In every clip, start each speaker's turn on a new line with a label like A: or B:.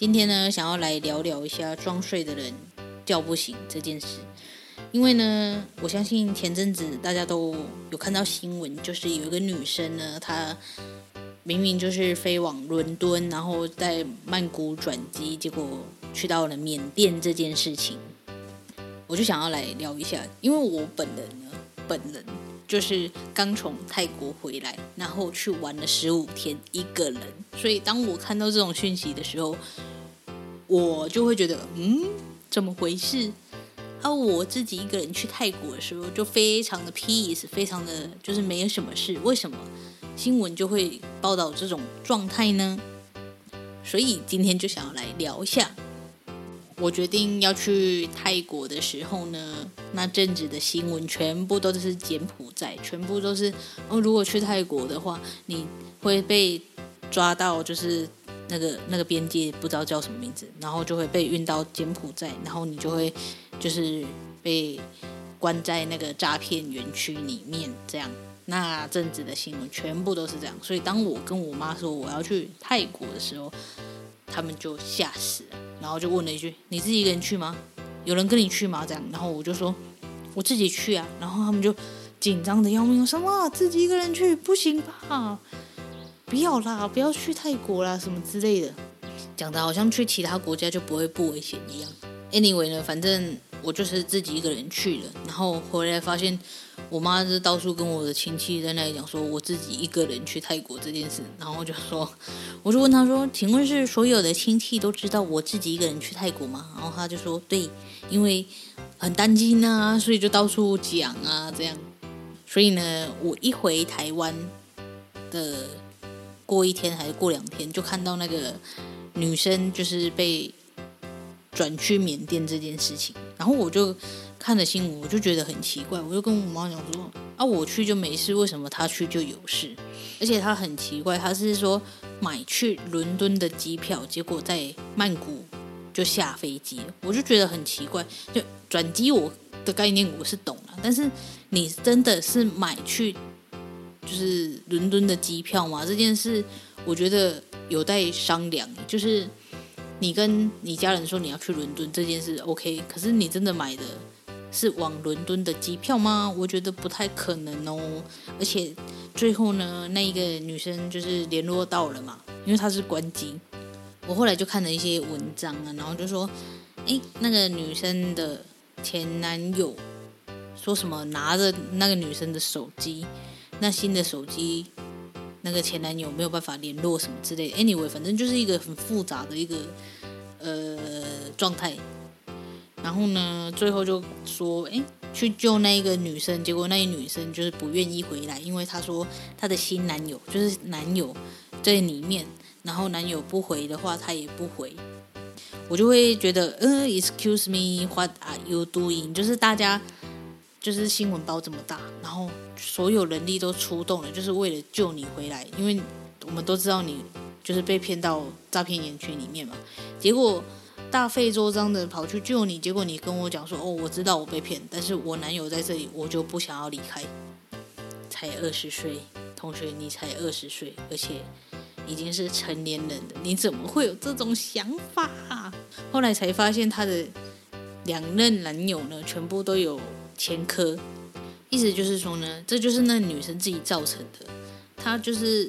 A: 今天呢，想要來聊聊一下裝睡的人叫不醒這件事，因為呢，我相信前陣子大家都有看到新聞，就是有一個女生呢，她明明就是飛往倫敦，然後在曼谷轉機，結果去到了緬甸這件事情，我就想要來聊一下，因為我本人呢，本人就是剛從泰國回來，然後去玩了十五天一個人，所以當我看到這種訊息的時候，我就會覺得，嗯，怎麼回事？而、啊、我自己一個人去泰國的時候，就非常的 peace，非常的就是沒有什麼事。為什麼新聞就會報道這種狀態呢？所以今天就想要來聊一下。我決定要去泰國的時候呢，那陣子的新聞全部都是柬埔寨，全部都是哦，如果去泰國的話，你會被抓到，就是。那個那個邊界不知道叫什麼名字，然後就會被運到柬埔寨，然後你就會就是被關在那個詐騙園區裡面，這樣，那陣子的新聞全部都是這樣。所以當我跟我媽說我要去泰國的時候，他們就嚇死了，然後就問了一句：“你自己一個人去嗎？有人跟你去嗎？”這樣，然後我就說：“我自己去啊。”然後他們就緊張得要命，我說：“哇，自己一個人去不行吧？”不要啦，不要去泰國啦，什麼之類的，講的好像去其他國家就不會不危險一樣。Anyway 呢，反正我就是自己一個人去了，然後回來發現我媽是到處跟我的親戚在那裡講說我自己一個人去泰國這件事，然後就說，我就問她說，請問是所有的親戚都知道我自己一個人去泰國嗎？然後她就說，對，因為很擔心吶、啊，所以就到處講啊這樣。所以呢，我一回台灣的。過一天還是過兩天，就看到那個女生就是被轉去緬甸這件事情，然後我就看了新聞，我就覺得很奇怪，我就跟我媽講說啊，我去就沒事，為什麼她去就有事？而且她很奇怪，她是說買去倫敦的機票，結果在曼谷就下飛機，我就覺得很奇怪。就轉機，我的概念我是懂了，但是你真的是買去。就是倫敦的機票嘛，這件事我覺得有待商量。就是你跟你家人說你要去倫敦這件事 OK，可是你真的買的是往倫敦的機票嗎？我覺得不太可能哦。而且最後呢，那一個女生就是聯絡到了嘛，因為她是關機。我後來就看了一些文章啊，然後就說，哎，那個女生的前男友說什麼拿着那個女生的手機。那新的手機，那個前男友沒有辦法聯絡什麼之類的。Anyway，反正就是一個很複雜的一個呃狀態。然後呢，最後就說，欸，去救那一個女生，結果那個女生就是不願意回來，因為她說她的新男友就是男友在裡面，然後男友不回的話，她也不回。我就會覺得，呃，Excuse me, what are you doing？就是大家。就是新聞包這麼大，然後所有人力都出動了，就是為了救你回來。因為我們都知道你就是被騙到詐騙園區裡面嘛，結果大費周章的跑去救你，結果你跟我講說：“哦，我知道我被騙，但是我男友在這裡，我就不想要離開。”才二十歲，同學，你才二十歲，而且已經是成年人了，你怎麼會有這種想法？後來才發現他的兩任男友呢，全部都有。前科，意思就是說呢，這就是那女生自己造成的。她就是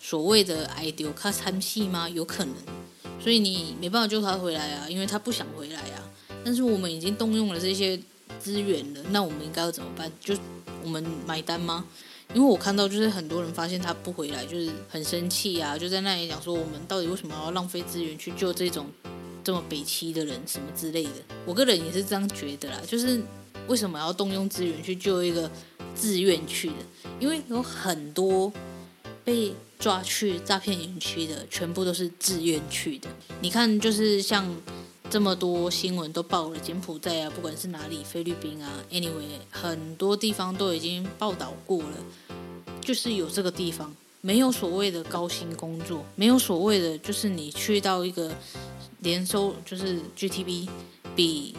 A: 所謂的愛丟、她參戲嗎？有可能。所以你沒辦法救她回來啊，因為她不想回來啊。但是我們已經動用了這些資源了，那我們應該要怎麼辦？就我們買單嗎？因為我看到就是很多人發現她不回來，就是很生氣啊，就在那裡講說，我們到底為什麼要浪費資源去救這種這麼北七的人什麼之類的？我個人也是這樣覺得啦，就是。為什麼要動用資源去救一個自願去的？因為有很多被抓去詐騙園區的，全部都是自願去的。你看，就是像這麼多新聞都報了柬埔寨啊，不管是哪裡，菲律賓啊，anyway，很多地方都已經報道過了，就是有這個地方沒有所謂的高薪工作，沒有所謂的就是你去到一個年收就是 GTB 比。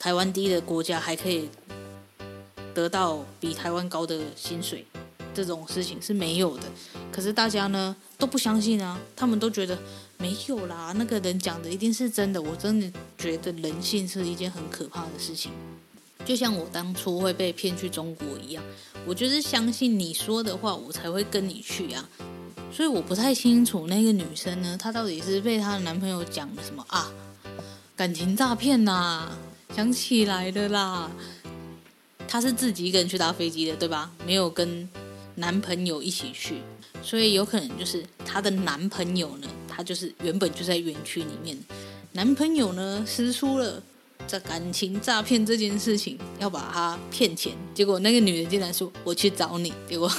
A: 台灣低的國家還可以得到比台灣高的薪水，這種事情是沒有的。可是大家呢都不相信啊，他們都覺得沒有啦。那個人講的一定是真的。我真的覺得人性是一件很可怕的事情，就像我當初會被騙去中國一樣。我就是相信你說的話，我才會跟你去啊。所以我不太清楚那個女生呢，她到底是被她的男朋友講的什麼啊？感情詐騙吶！想起來了啦，她是自己一個人去搭飛機的，對吧？沒有跟男朋友一起去，所以有可能就是她的男朋友呢，他就是原本就在園區裡面，男朋友呢實施了在感情詐騙這件事情，要把他騙錢。結果那個女人竟然說：“我去找你。”結果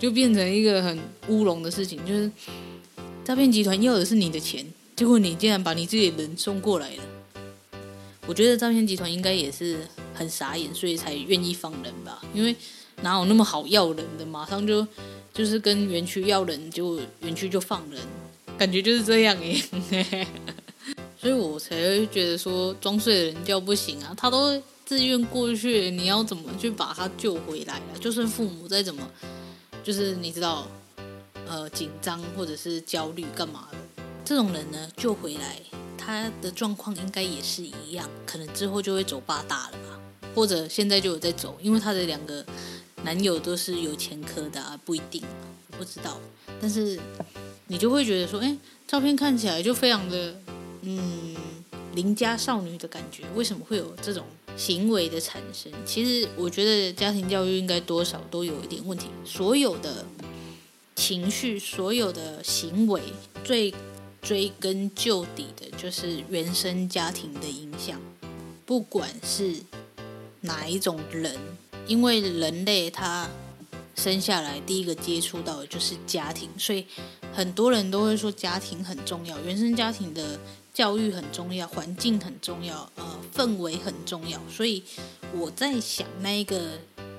A: 就變成一個很烏龍的事情，就是詐騙集團要的是你的錢，結果你竟然把你自己人送過來了。我覺得詐騙集團應該也是很傻眼，所以才願意放人吧。因為哪有那麼好要人的，馬上就就是跟園區要人就，就園區就放人，感覺就是這樣耶。 所以我才會覺得說裝睡的人叫不醒啊，他都自願過去，你要怎麼去把他救回來？就算父母再怎麼就是你知道呃緊張或者是焦慮幹嘛的，這種人呢救回來。她的狀況應該也是一樣，可能之後就會走八大了吧，或者現在就有在走，因為她的兩個男友都是有前科的啊，不一定不知道。但是你就會覺得說，哎，照片看起來就非常的嗯鄰家少女的感覺，為什麼會有這種行為的產生？其實我覺得家庭教育應該多少都有一點問題，所有的情緒，所有的行為最。追根究底的，就是原生家庭的影響。不管是哪一種人，因為人類他生下來第一個接觸到的就是家庭，所以很多人都會說家庭很重要，原生家庭的教育很重要，環境很重要，呃，氛圍很重要。所以我在想，那一個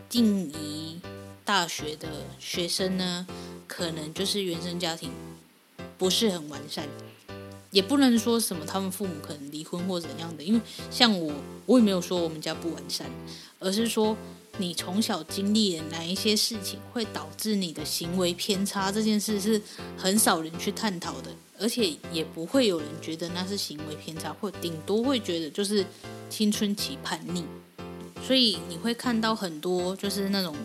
A: 靜宜大學的學生呢，可能就是原生家庭。不是很完善，也不能說什麼他們父母可能離婚或怎樣的，因為像我，我也沒有說我們家不完善，而是說你從小經歷了哪一些事情會導致你的行為偏差，這件事是很少人去探討的，而且也不會有人覺得那是行為偏差，或頂多會覺得就是青春期叛逆，所以你會看到很多就是那種。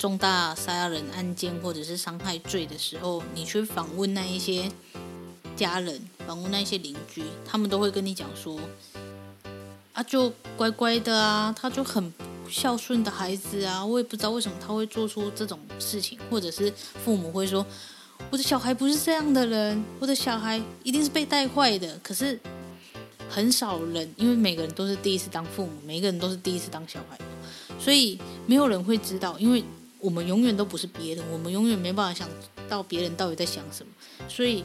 A: 重大殺人案件或者是傷害罪的時候，你去訪問那一些家人，訪問那一些鄰居，他們都會跟你講說，啊，就乖乖的啊，他就很孝順的孩子啊，我也不知道為什麼他會做出這種事情，或者是父母會說，我的小孩不是這樣的人，我的小孩一定是被帶壞的。可是很少人，因為每個人都是第一次當父母，每個人都是第一次當小孩，所以沒有人會知道，因為。我們永遠都不是別人，我們永遠沒辦法想到別人到底在想什麼，所以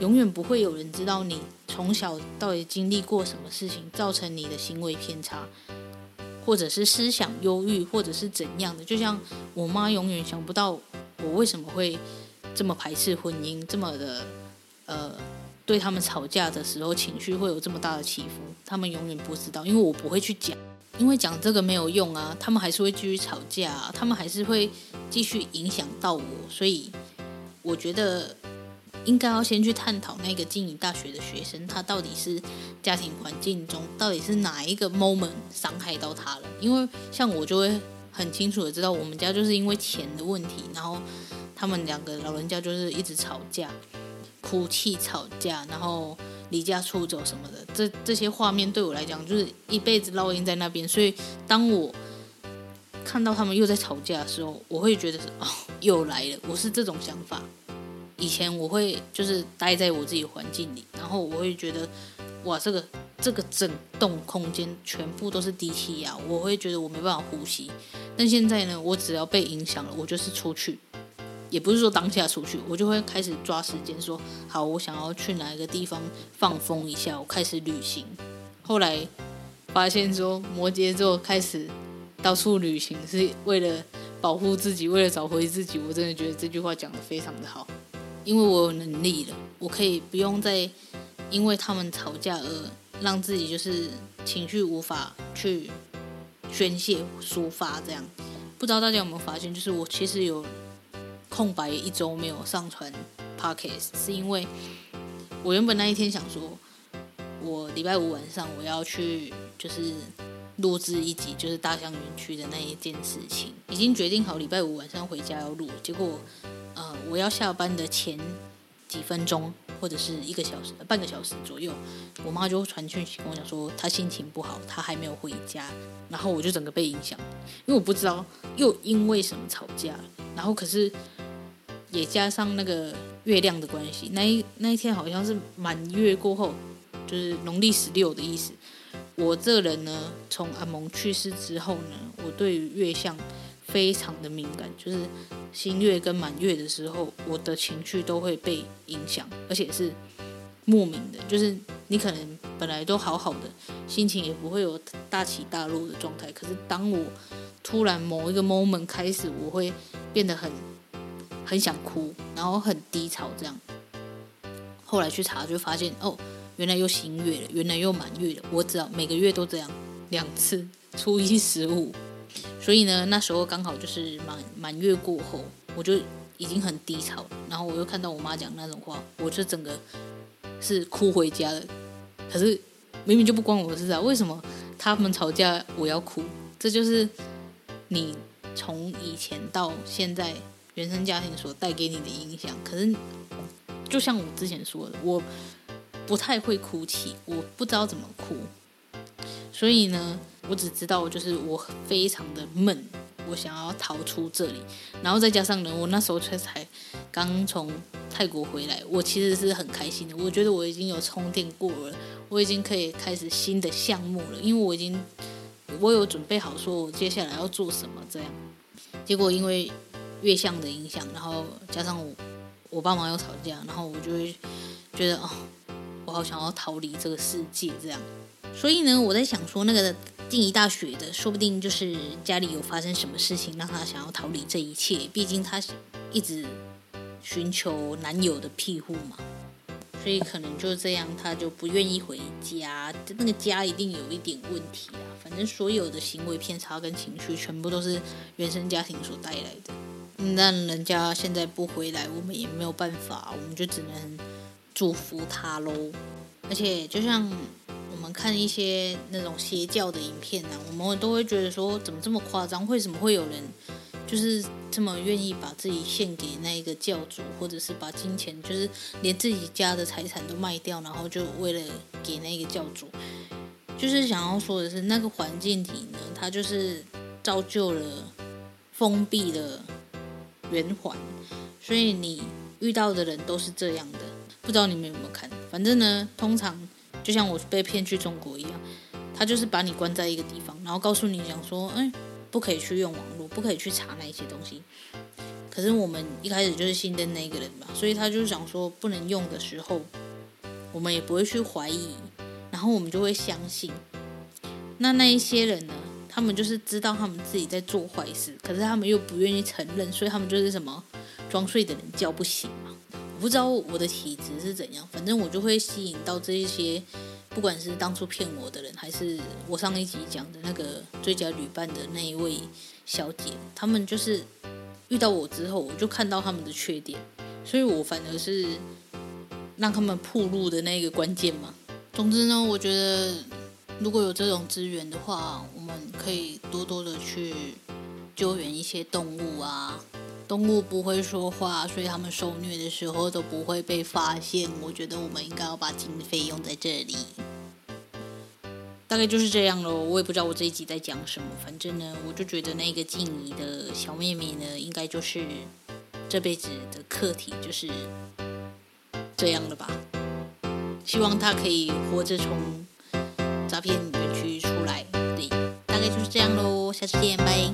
A: 永遠不會有人知道你從小到底經歷過什麼事情，造成你的行為偏差，或者是思想憂鬱，或者是怎樣的。就像我媽永遠想不到我為什麼會這麼排斥婚姻，這麼的呃，對他們吵架的時候情緒會有這麼大的起伏，他們永遠不知道，因為我不會去講。因為講這個沒有用啊，他們還是會繼續吵架啊，他們還是會繼續影響到我，所以我覺得應該要先去探討那個靜宜大學的學生，他到底是家庭環境中到底是哪一個 moment 傷害到他了？因為像我就會很清楚的知道，我們家就是因為錢的問題，然後他們兩個老人家就是一直吵架、哭泣、吵架，然後，離家出走什麼的，這這些畫面對我來講就是一輩子烙印在那邊。所以當我看到他們又在吵架的時候，我會覺得是哦，又來了。我是這種想法。以前我會就是待在我自己的環境裡，然後我會覺得哇，這個這個整棟空間全部都是低氣壓，我會覺得我沒辦法呼吸。但現在呢，我只要被影響了，我就是出去。也不是說當下出去，我就會開始抓時間說好，我想要去哪一個地方放風一下，我開始旅行。後來發現說，摩羯座開始到處旅行是為了保護自己，為了找回自己。我真的覺得這句話講得非常的好，因為我有能力了，我可以不用再因為他們吵架而讓自己就是情緒無法去宣洩抒發。這樣，不知道大家有沒有發現，就是我其實有。空白一周沒有上傳 podcast 是因為我原本那一天想說，我禮拜五晚上我要去就是錄製一集，就是大象園區的那一件事情，已經決定好禮拜五晚上回家要錄。結果，呃，我要下班的前幾分鐘或者是一個小時、半個小時左右，我媽就傳訊息跟我講說她心情不好，她還沒有回家，然後我就整個被影響，因為我不知道又因為什麼吵架，然後可是。也加上那個月亮的關係，那一、那一天好像是滿月過後，就是農曆十六的意思。我這人呢，從阿蒙去世之後呢，我對於月相非常的敏感，就是新月跟滿月的時候，我的情緒都會被影響，而且是莫名的。就是你可能本來都好好的，心情也不會有大起大落的狀態，可是當我突然某一個 moment 開始，我會變得很。很想哭，然後很低潮，這樣。後來去查就發現，哦，原來又新月了，原來又滿月了。我知道每個月都這樣，兩次，初一十五。所以呢，那時候剛好就是滿滿月過後，我就已經很低潮了。然後我又看到我媽講那種話，我就整個是哭回家了。可是明明就不關我的事啊，為什麼他們吵架我要哭？這就是你從以前到現在。原生家庭所帶給你的影響，可是就像我之前說的，我不太會哭泣，我不知道怎麼哭，所以呢，我只知道就是我非常的悶，我想要逃出這裡。然後再加上呢，我那時候才才剛從泰國回來，我其實是很開心的，我覺得我已經有充電過了，我已經可以開始新的項目了，因為我已經我有準備好，說我接下來要做什麼這樣。結果因為。月相的影響，然後加上我，我爸媽又吵架，然後我就會覺得哦，我好想要逃離這個世界這樣。所以呢，我在想說，那個靜宜大學的，說不定就是家裡有發生什麼事情，讓他想要逃離這一切。畢竟他一直尋求男友的庇護嘛，所以可能就這樣，他就不願意回家。那個家一定有一點問題啊。反正所有的行為偏差跟情緒，全部都是原生家庭所帶來的。那人家現在不回來，我們也沒有辦法，我們就只能祝福他嘍。而且，就像我們看一些那種邪教的影片呢、啊，我們都會覺得說，怎麼這麼誇張？為什麼會有人就是這麼願意把自己獻給那個教主，或者是把金錢，就是連自己家的財產都賣掉，然後就為了給那個教主？就是想要說的是，那個環境體呢，它就是造就了封閉的。圓環，所以你遇到的人都是這樣的。不知道你們有沒有看，反正呢，通常就像我被騙去中國一樣，他就是把你關在一個地方，然後告訴你講說，哎、欸，不可以去用網絡，不可以去查那一些東西。可是我們一開始就是信任那個人嘛，所以他就想說，不能用的時候，我們也不會去懷疑，然後我們就會相信。那那一些人呢？他們就是知道他們自己在做壞事，可是他們又不願意承認，所以他們就是什麼裝睡的人叫不醒嘛、啊。我不知道我的體質是怎樣，反正我就會吸引到這一些，不管是當初騙我的人，還是我上一集講的那個最佳旅伴的那一位小姐，他們就是遇到我之後，我就看到他們的缺點，所以我反而是讓他們暴露的那個關鍵嘛。總之呢，我覺得。如果有這種資源的話，我們可以多多的去救援一些動物啊。動物不會說話，所以他們受虐的時候都不會被發現。我覺得我們應該要把經費用在這裡。大概就是這樣咯。我也不知道我這一集在講什麼，反正呢，我就覺得那個靜宜的小妹妹呢，應該就是這輩子的課題，就是這樣的吧。希望她可以活着從。詐騙園區出來，對，大概就是這樣嘍。下次見，拜。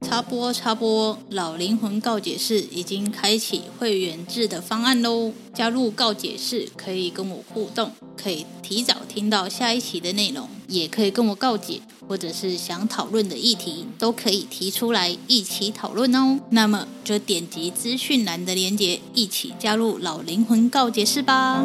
A: 插播插播，老靈魂告解室已經開啟會員制的方案嘍。加入告解室可以跟我互動，可以提早聽到下一期的內容。也可以跟我告解，或者是想討論的議題，都可以提出來一起討論哦。那麼就點擊資訊欄的連結，一起加入老靈魂告解室吧。